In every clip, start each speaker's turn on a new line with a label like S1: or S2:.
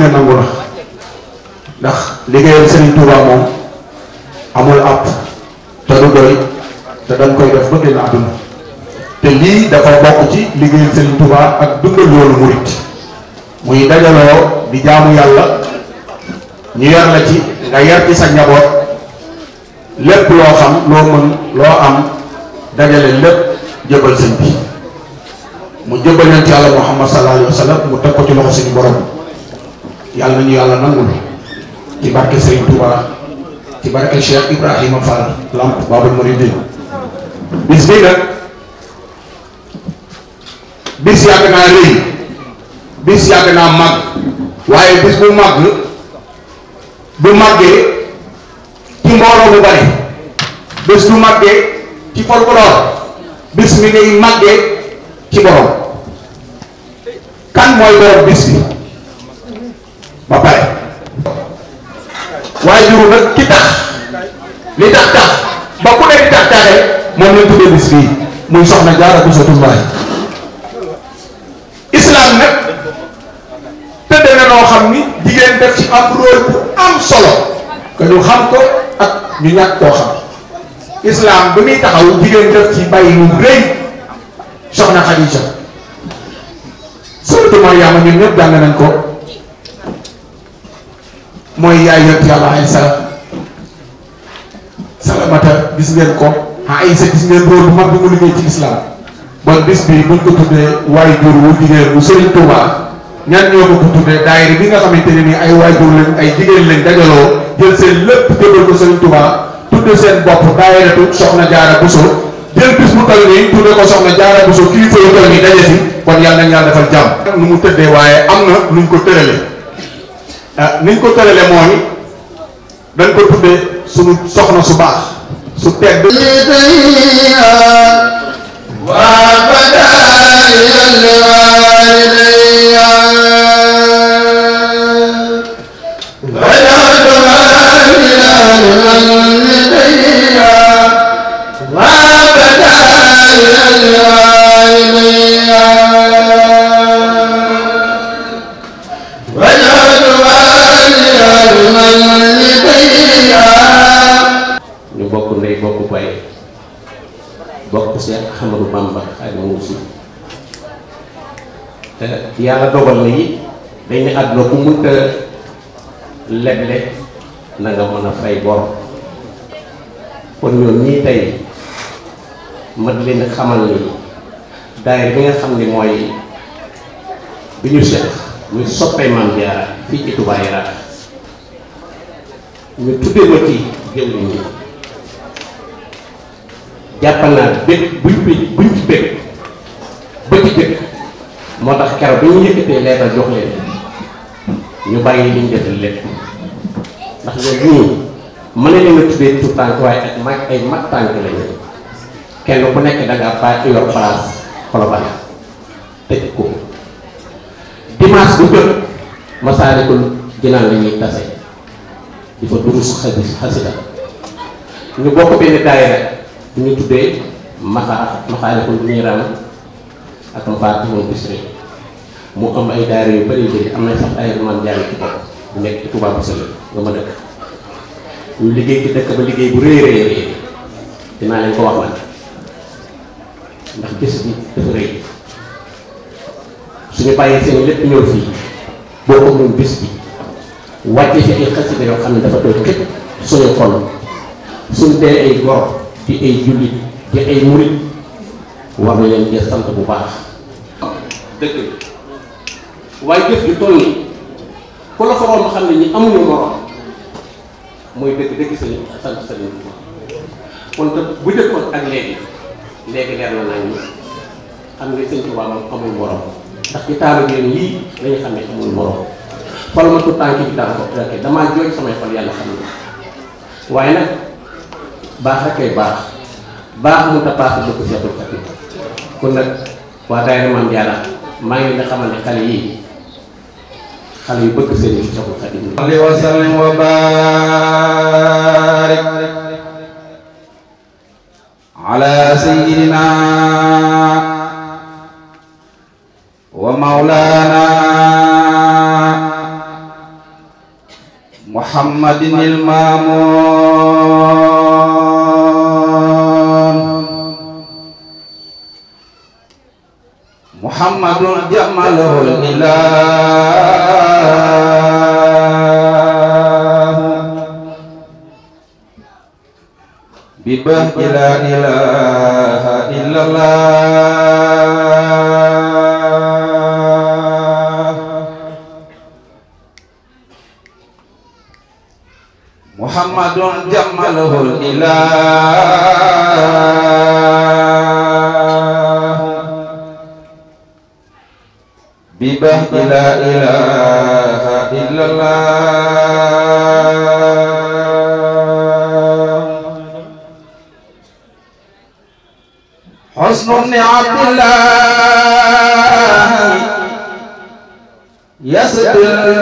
S1: ne nangu na ndax liggéeyal Serigne Touba moom amul àpp te du doy te dañ koy def ba génn àdduna te lii dafa bokk ci liggéeyal Serigne Touba ak dundal yoonu murit muy dajaloo di jaamu yàlla ñu yar ci nga yar sa njaboot lépp loo xam loo mën loo am dajale lépp jëbal sëñ bi mu jëbal yonent yàlla Muhammad sallallahu alayhi mu teg ko ci loxo suñu borom. yàlla nañu yàlla nangul ci barke Serigne Touba ci barke Cheikh Ibrahima Fall Lamp Babul bis bii nag bis yàgg naa rëy bis yàgg naa màgg waaye bis bu màgg bu màggee ci mbooloo bu bari bis bu màggee ci folklore bis mi ngay màggee ci borom kan mooy borom bis bi Bapak, pare waaye ki tax li tax tax ba ku ne di tax taxee moom lañ tuddee bis fii muy soxna jaara bu sa tumbaay islam nag na def ci am rôle bu am solo ñu xam ko ak ñu xam islam bi muy taxaw jigéen def ci bàyyi lu rëy soxna Xadija surtout Mariama ñun ñëpp nañ ko mooy yaay yont yàlla ay sala salamata gis ngeen ko ay sa gis ngeen góor mag bi mu liggéey ci lislaam bon bis bi buñ ko tuddee waay jur wu jigéen wu Serigne Touba ñan ñoo ko ko tuddee daayira bi nga xamante ne nii ay waay jur lañ ay jigéen lañ dajaloo jël seen lépp jëbal ko Serigne Touba tuddee seen bopp daayiratu soxna jaara Bousso jël bis mu toll nii tuddee ko soxna jaara Bousso kii fay toll nii daje si yàlla nañ yàlla defal jàmm nu mu tëddee waaye am na luñ ko ah euh, ni ñu ko tëralee mooy dañ ko tuddee suñu soxna su baax
S2: su tedd. Yeah.
S3: bokk ndey bokk baay bokk Seex Ahmadu Bamba Xaadimu Rasuul te yàlla dogal na yi dañ ne àdduna ku munta leble na nga mën a fay bor kon ñoom ñii tey mat leen xamal ni daayira bi nga xam ne mooy bi ñu seq ñu soppee Maam fii ci Touba Yarax ñu tuddee ma ci jëwriñ ñi jàppal naa bépp buñ buñ ci bépp ba moo tax keroog bi ñu yëkkatee leetal jox leen ñu bàyyi liñ def lépp ndax ñoom ñii mën nañu la tuddee tout tànk waaye ak mag ay mag tànk lañu kenn ku nekk da ngaa bàyyi ci yor place ko dimanche bu jot Masaalikul Jinaan la ñuy tase di fa durus xasida ñu bokk benn daayira bu ñu tuddee maxa maxaalikul niiraan ak mafaatihul bisri mu am ay daara yu bëri bëri am na sax ay man jaay ci bu nekk ci nga ma dëkk liggéey ci dëkk ba liggéey bu rëy rëy dinaa leen ko wax man ndax bés bi dafa rëy suñu bàyyee seen lépp ñëw fii boo ko ñun bés bi wàcce fi ay xasida yoo xam ne dafa doon suñu xol suñu dee ay góor di ay jullit di ay murit war na leen dee sant bu baax dëgg waaye jëf ju toll ni ku la foroon xam ne ñi amuñu morom mooy dëgg dëgg sa sant sa leen kon te bu dëkkoon ak léegi léegi leer na naa ñu xam nga sëñ Tuubaa moom amul morom ndax ci taaru leen lañu xam ne amul morom xol ma tuut tànk bi dara ko damaa jooj samay xol yàlla xam ne waaye nag baasake baax baax mu ta passé bëgg seetul xati kon nag waa daayira maam jaara maa ngi leen xamal ne xale yu bëgg seen
S2: wa barik ala sayyidina wa maulana محمد المامون محمد جمله الإله ببهج لا إله إلا الله Muhammadun jamalul ilah Bibah ila ilaha illallah Husnul
S4: ni'atillah
S2: Yasudul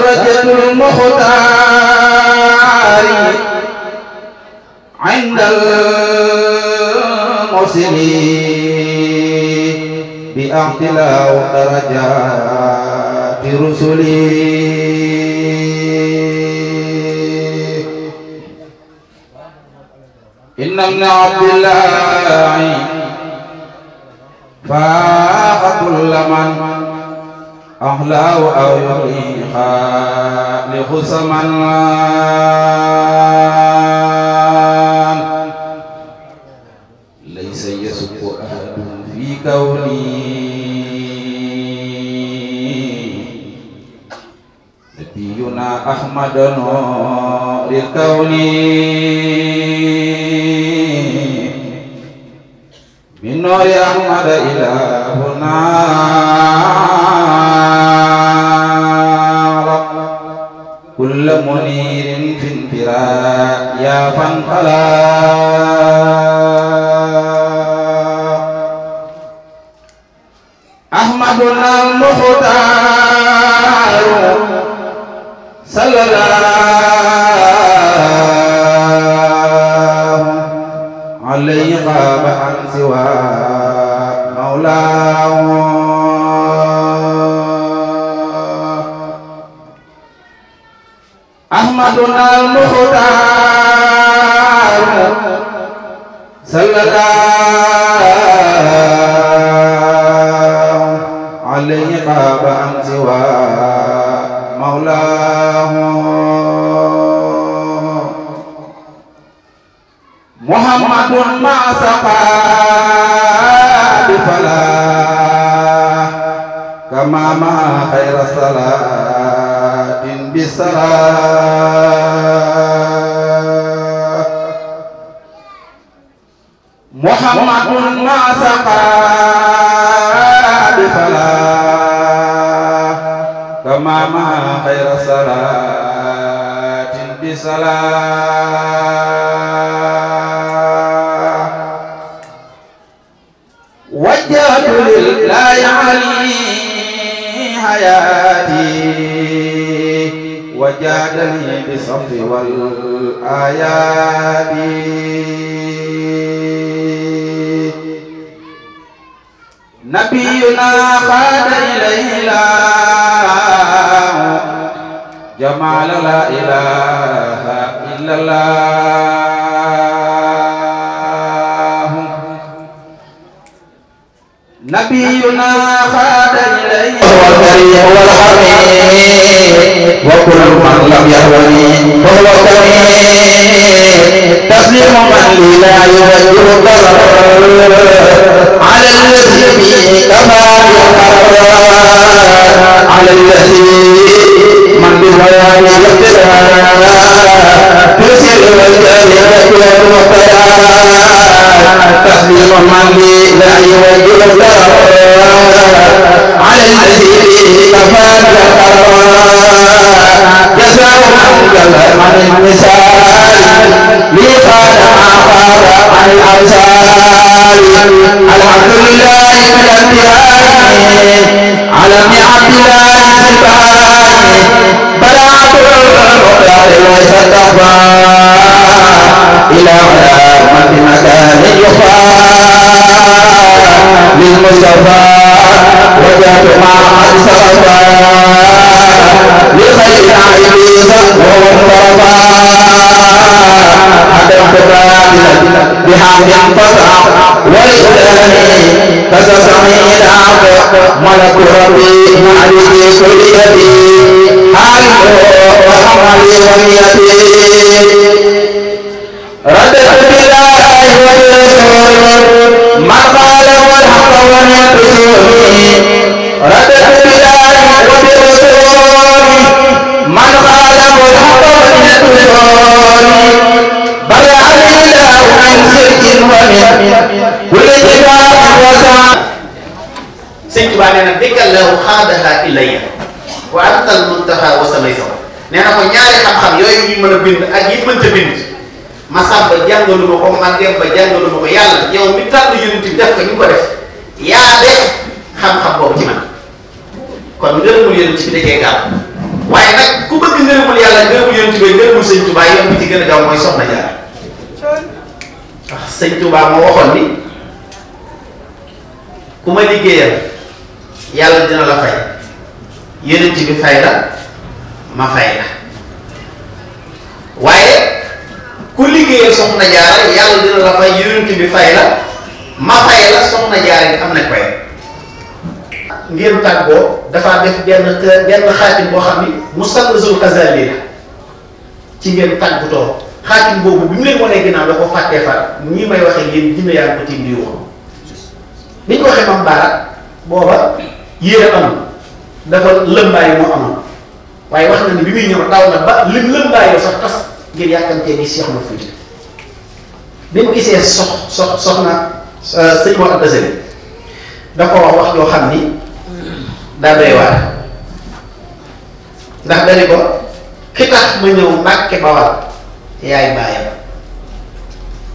S2: درجة المختار عند المرسلين بأعتلاء درجات رسلي إن ابن عبد الله فاق كل من أهلاه أو يريه الحال خصما ليس يسب أحد في كوني نبينا أحمد نور الكون من نور أحمد إلى هنا كل منير في انفراء يا فانقلا أحمدنا المختار
S4: صلى الله
S2: أخنا المختار صلى الله عليه باب أن سوى مولاه محمد ما سقى بفلاح كما ما خير الصلاه بصلاة
S4: محمد ما سقى
S2: بفلا كما ما خير صلاة بصلاة وجهت لله علي حياتي وجادني بالصف والآيات نبينا خاد إليه الله جمال لا إله إلا الله
S4: نبينا خاد إليه هو الكريم والحميد وكل من لم يهوني فهو كريم تسليم من لا يوجه الضرر على
S2: الذي كما يقرر على الذي بحمد فاصرف ولسلامي فسسمي الحق ملك ربي مالك كل يدي
S4: حاله وعملي ونيتي ردت بالله وبالرسول من قال والحق وليقتلني ردت بالله
S5: وبالرسول من قال والحق وليقتلني sëñ Tuubaa nee na déggal la xaadaha ilayya wa antal muntaha wa samay sama nee na ko ñaari xam-xam yooyu ñu mën a bind ak yi mënta bind Masamba jàngalu ma ko man dem ba jàngalu ma ko yàlla yow mi tànn yonent bi def ko ñu ko def yaa def xam-xam boobu ci man kon ngërëmul yonent bi dajee gaaw waaye nag ku bëgg ngërëmul yàlla ngërëmul yonent bi ngërëmul sëñ Tuubaa yoon bi ci gën a gaaw mooy soxna jaar sëñ Tuubaa moo waxoon ni ku ma liggéeyal yàlla dina la fay yonent bi fay la ma fay la waaye ku liggéeyal soxna jaara yàlla dina la fay yonent bi la ma fay la soxna jaara yi am na koy ngir tàggoo dafa def benn benn xaatim boo xam ni mu sall zul kazali la ci ngeen tàggutoo xaatim boobu bu mu leen wanee ginnaaw da may waxee yéen ko tiim di waxam ni ñu ko waxee mam baara dafa lëmbaay moo amoon waaye wax na ni bi muy ñëw daw na ba lim lëmbaayoo sax tas ngir yàkkamtee bi Seex Umar Fuuti bi mu gisee sox sox soxna euh, sëñ Mor Anta Sali da ko wax wax joo xam ni daa doy waar ndax dani ko ki tax ma ñëw Mbàkke Bawal yaay baayam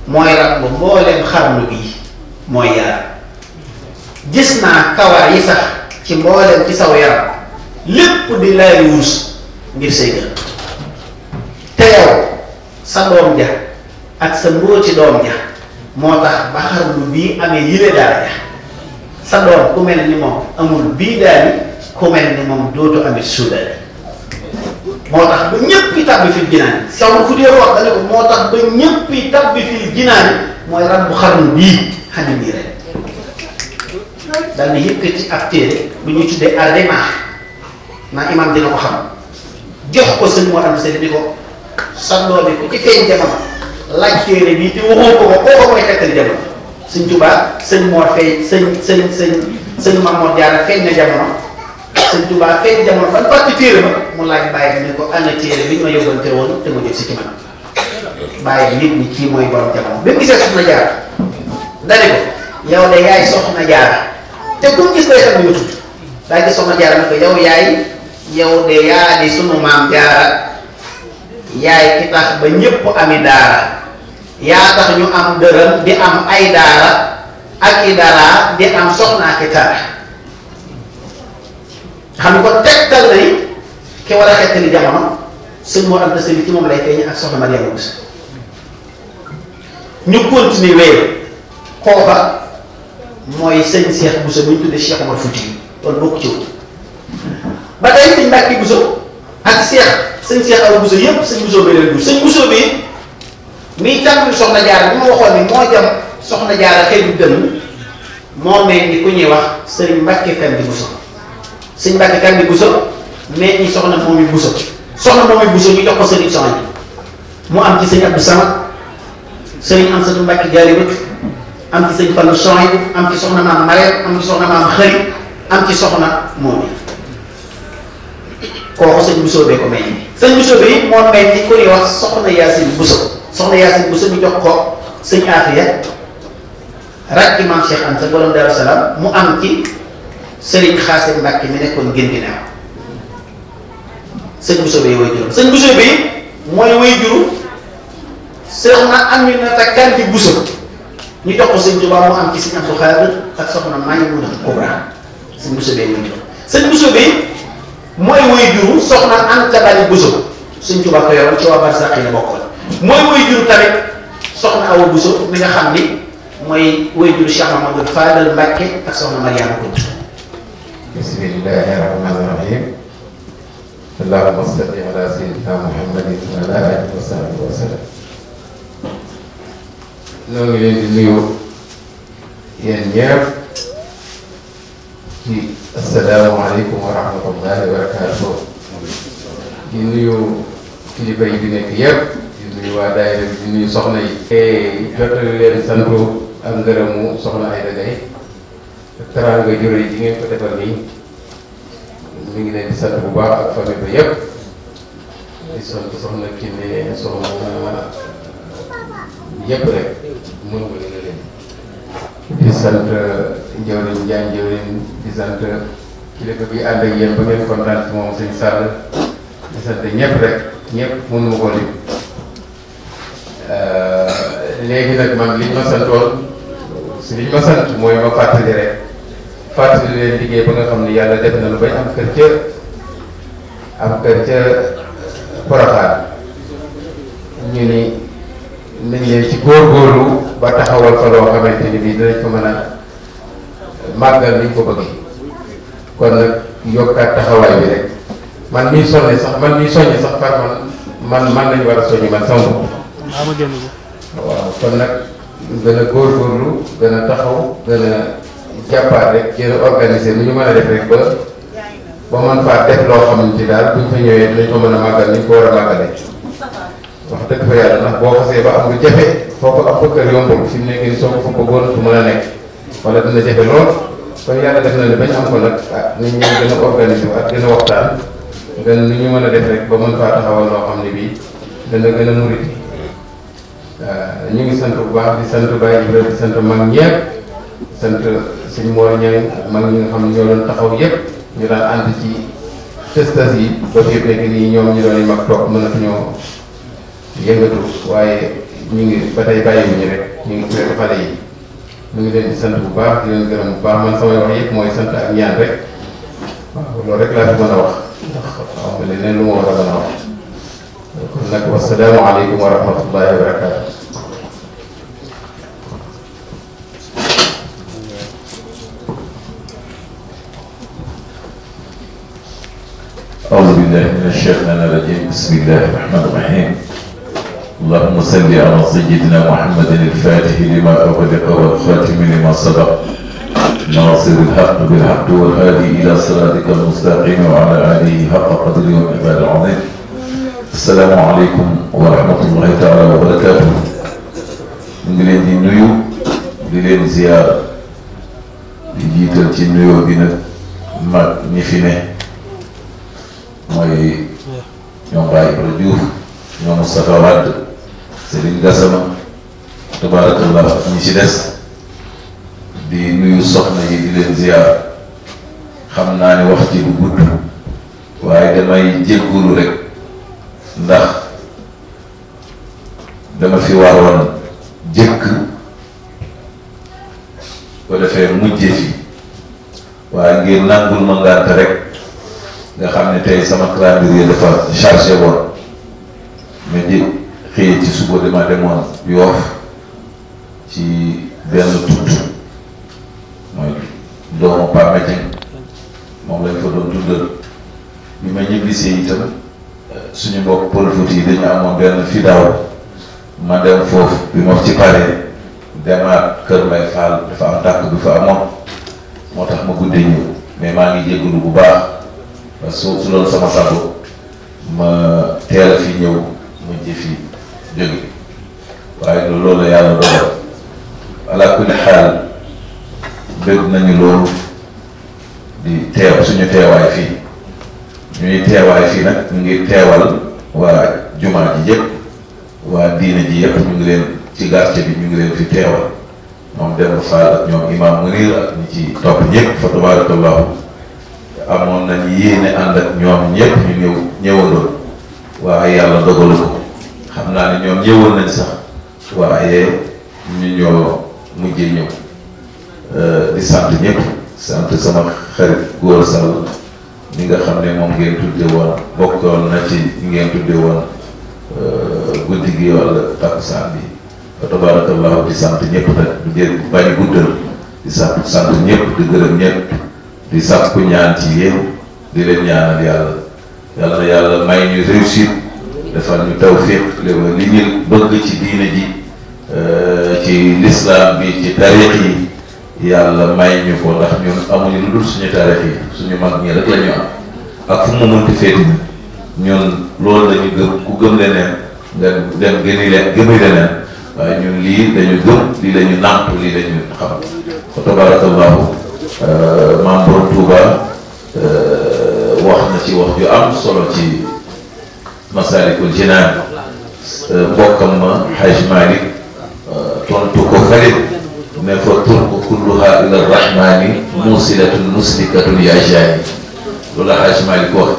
S5: mooy rab bu mboolem xarnu bi mooy yaram gis naa kawaar yi sax ci mboolem ci saw yaram lépp di lay wuus ngir say gën te yow sa doom ja ak sa mbóoti doom ja moo tax ba xarnu bii amee yile daal ja sa doom ku mel ni moom amul bii daal ku mel ni moom dootu amit suudali moo tax ba ñëpp yi tàbbi fil jinaani sawul fu dee wax dana ko moo tax ba ñëpp yi tàbbi fil jinaani mooy rab bu xarnu bii xanam yi rek daal di yëkkati ab téere bu ñu tuddee Ar-Rimah naa imaam dina ko xam jox ko sëñ moo am sëñ di ko sandoo bi ku ci feeñ jamono laaj téere bii te waxoo ko ko kooku mooy tekkal jamono sëñ Tuubaa sëñ moo feeñ sëñ sëñ sëñ sëñ Mamoor Jaara feeñ na sëñ Touba feeñ jamono ban fàtte téere ma mu laaj bàyyi ne ko ana téere bi ñu ma yóbbante woon te ma jot si ci man bàyyi nit ñi kii mooy borom jamono bi mu gisee soxna jaar dane ko yow de yaay soxna jaar te ku gis xam soxna jaar ko yow yaay yow de yaa di sunu maam jaara yaay ki tax ba ñëpp ami tax ñu am di am ay daara ak di am soxna ki xam ko tegtal na it ki war a xettali jamono sëñ moo am na sëñ ci moom lay feeñ ak soxna Mariama Bousso ñu continuer wéy xoofa mooy sëñ Cheikh Bousso bu ñu tuddee Cheikh Omar Fouti loolu bokk ci wu ba tey sëñ Mbacke Bousso ak bi leen dugg sëñ Bousso bi miy tàmbali soxna Jaara bi ma waxoon ni moo jam soxna Jaara xëy bu dënn moo mel ni ku ñuy wax sëñ Mbacke Fane Bousso. sëñ Mbacke kan bi buso mais ñi soxna moom yi buso soxna moom yi ñu jox ko sëriñ soxna mu am ci sëñ Abdou Samad sëriñ am sëñ Mbacke Jaaribut am ci sëñ Fallu Soxna am ci soxna maam Mareet am ci soxna maam Xëri am ci soxna moom yi kooku sëñ buso bee ko meññ sëñ buso bi moo meññ ku ñuy wax soxna Yaasin buso soxna Yaasin buso ñu jox ko sëñ Afiya rakki maam Cheikh Anta borom Daaru Salaam mu am ci Serigne Xaasee Mbàkke mi nekkoon gën ginnaaw sëñ Bousso Beye way juróom sëñ Bousso Beye mooy way juróom soxna Aminata Kanti Bousso ñu jox ko sëñ Tuubaa mu am ci sëñ Abdou Khadre ak soxna Maymuna Kubra
S3: sëñ Bousso Beye way juróom
S5: sëñ Bousso Beye mooy way juróom soxna Anta Bali Bousso sëñ Tuubaa ko yoroon ci waa Barsàq la bokkoon mooy way juróom tamit soxna Awa Bousso mi nga xam ni mooy way juróom Cheikh Mamadou Fadal Mbàkke ak soxna Mariama Kout بسم الله الرحمن
S6: الرحيم اللهم صل على سيدنا محمد وعلى اله وصحبه وسلم لو يريد اليوم ينجاب السلام عليكم ورحمه الله وبركاته اليوم كي باي بي نيك ياب ني وا دايره ني سخنا اي جوتو لين سانتو ام غرمو سخنا اي داي teraanga jure yi ngeen ko defal nii ñu ngi leen di sant bu baax ak famille ba yëpp di sant soxna Kine soxna yëpp rek mën nga li nga leen di sant njëwriñ Njaañ njëwriñ di sant eh, kilifa bi ànd ak yéen ba ngeen kontaan ci moom sëñ di sant ñëpp rek ñëpp mënu ma ko lim léegi nag man liñ ma santoon si liñ ma sant mooy ma fàttali rek fàttali leen liggéey ba nga xam ne yàlla def na lu bañ am kër ca am kër ca Porokhane ñu ni nañ leen ci góorgóorlu ba taxawal fa loo xamante ni bii dinañ ko mën a màggal ko kon nag yokkaat taxawaay bi rek man miy sonne sax man miy soññ sax par man man man lañu war a man sama bopp waaw kon nag gën a góorgóorlu gën a taxaw gën a Siapa rek ci organiser mana ñu mën a def rek ba ba mën faa def loo xam ne ci daal buñ fa ñëwee dinañ ko mën a màggal ni ko war a màggale wax dëgg fa yàlla ndax boo xasee ba am lu jafe foo ko am fa kër yombul fi mu nekk nii soo ko fa bëggoon fu mën a di di sëñ Mor Ñang ak mag ñi xam ñoo doon taxaw yëpp ñu daan ànd ci testas yi ba fi yëpp nekk nii ñoom ñu doon yi mag toog mënatuñoo yëngatu waaye ñu ngi ba tey xale yi mu ngi leen di sant bu baax di leen gërëm bu baax man samay wax yëpp mooy sant ak ñaan rek waaw loolu rek laa fi mën a wax ndax xaw ma leneen lu ma war a mën a wax kon nag wasalaamu aleykum wa rahmatullahi
S7: بالله من الشيطان الرجيم بسم الله الرحمن الرحيم اللهم صل على سيدنا محمد الفاتح لما أغلق والخاتم لما سبق ناصر الحق بالحق والهادي إلى صراطك المستقيم وعلى آله حق قدره العباد العظيم السلام عليكم ورحمة الله تعالى وبركاته من ngi leen di زيارة di leen ziyaar di ما ci mooy ñoom Baye Ibrahima Diouf ñoom Moustapha Wade Serigne Gassama tabarakallah ak ñi ci des di nuyu soxna yi di leen ziar xam naa ni wax ci bu waaye damay jéggulu rek ndax dama fi waroon jëkk ko defee mujje fi waaye ngir nangul ma ngànt rek nga xam ne tey sama calendrier dafa chargé woon ma ji xëy ci suba dama demoon yoof ci benn tudd mooy doomu Pama moom lañ fa doon tuddal bi ma ñibbisee itam suñu mbokk Pël Fuuti yi dañu amoon benn fidaaw ma dem foofu bi ma ci paree demaat Kër Mbay Fall dafa am tàkk bi fa amoon moo tax ma guddee ñëw mais maa ngi jégalu bu baax. su su doon sama sago ma teel fi ñëw mujj fi jóge waaye loolu la yàlla dogal ala kulli xaal bëgg nañu loolu di teew suñu teewaay fii ñuy teewaay fii nag ñu ngi teewal waa jumaa ji yëpp waa diine ji yëpp ñu ngi leen ci gàcce bi ñu ngi leen fi teewal moom dem faal ak ñoom imaam Munir ak ñi ci topp ñëpp fa tabarakallahu amoon nañ yéene ànd ak ñoom ñëpp ñu ñëw ñëwandoon waaye yàlla dogalu ko xam naa ne ñoom ñëwoon nañ sax waaye ñu ñoo mujjee ñëw euh, di sant ñëpp sant sama xarit góor sall ñi nga xam ne moom ngeen tudde woon bokkoon na ci ngeen tudde woon euh, guddi gi walla takkusaan bi fa tabarakallahu di sant ñëpp nag bu jël bañ guddal di sant sant ñëpp di gërëm ñëpp di sàkku ñaan ci yéen di leen ñaanal yàlla yàlla na yàlla may ñu réussir ñu tawfiq li ñu bëgg ci diine ji euh, ci lislaam bi ci tariix yi yàlla may ñu ko ndax ñun amuñu lu dul suñu tariix yi suñu mag ñi rek la am ak fu mu mënti féeti ñun loolu lañu gëm ku gëm leneen nga dem gëni leen gëmi leneen waaye ñun lii dañu gëm lii dañu nàmp lii dañu xam fa tabarakallahu maam borom Touba wax na ci wax yu am solo ci Masaalikul Jinaan mbokkam ma Xaj Malik tontu ko fële ne fa turku kulluha ila rahmani musilatun muslikatun yaa jaani loolu la Xaj Malik wax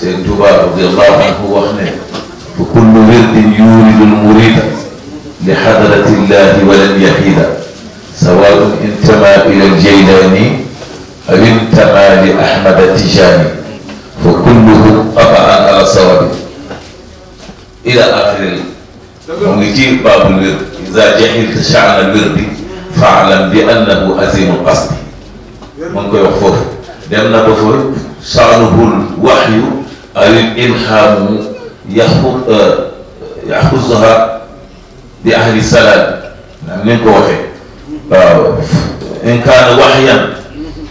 S7: seen Touba radiyallahu anhu wax ne fa kullu wirdin yuuridu l murida li xadrati llahi walan yahida سواء انتمى إلى الجيلاني أو انتمى لأحمد التجاني فكلهم قطعا على صواب إلى آخر ونجيب باب الورد إذا جهلت شعن الورد فاعلم بأنه أزيم القصد ممكن يغفر لأن بفر شعنه الوحي أو الإلهام يحفظها بأهل السلام من نكوحي waaw in kaana waxyan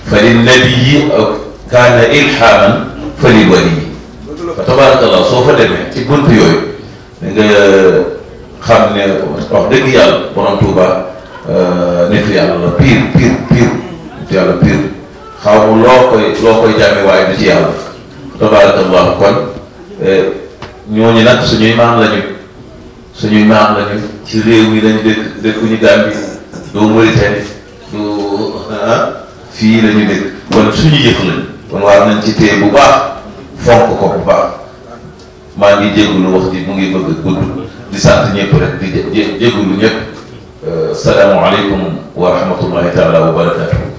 S7: fa linnabiyi aw kaana ilhaaman fa lil waliyi fa tabarakallah soo fa demee ci bunt yooyu da nga xam ne wax dëgg yàlla borom Tuuba euh, nit yàlla la piir piir piir nit yàlla loo koy loo koy jàmme waaye du ci yàlla tabarakallah kon euh, ñooñu nag suñuy maam lañu suñuy maam lañu ci réew mi lañu dëkk dëkkuñu Gàmbi du Mauritanie du ah, fii la ñu dëkk kon suñu jëf la kon war nañ ci téye bu baax fonk ko bu maa ngi jégalu wax ji mu ngi bëgg gudd di sant ñëpp rek di jégalu ñëpp euh, salaamualeykum wa taala wa barakatuh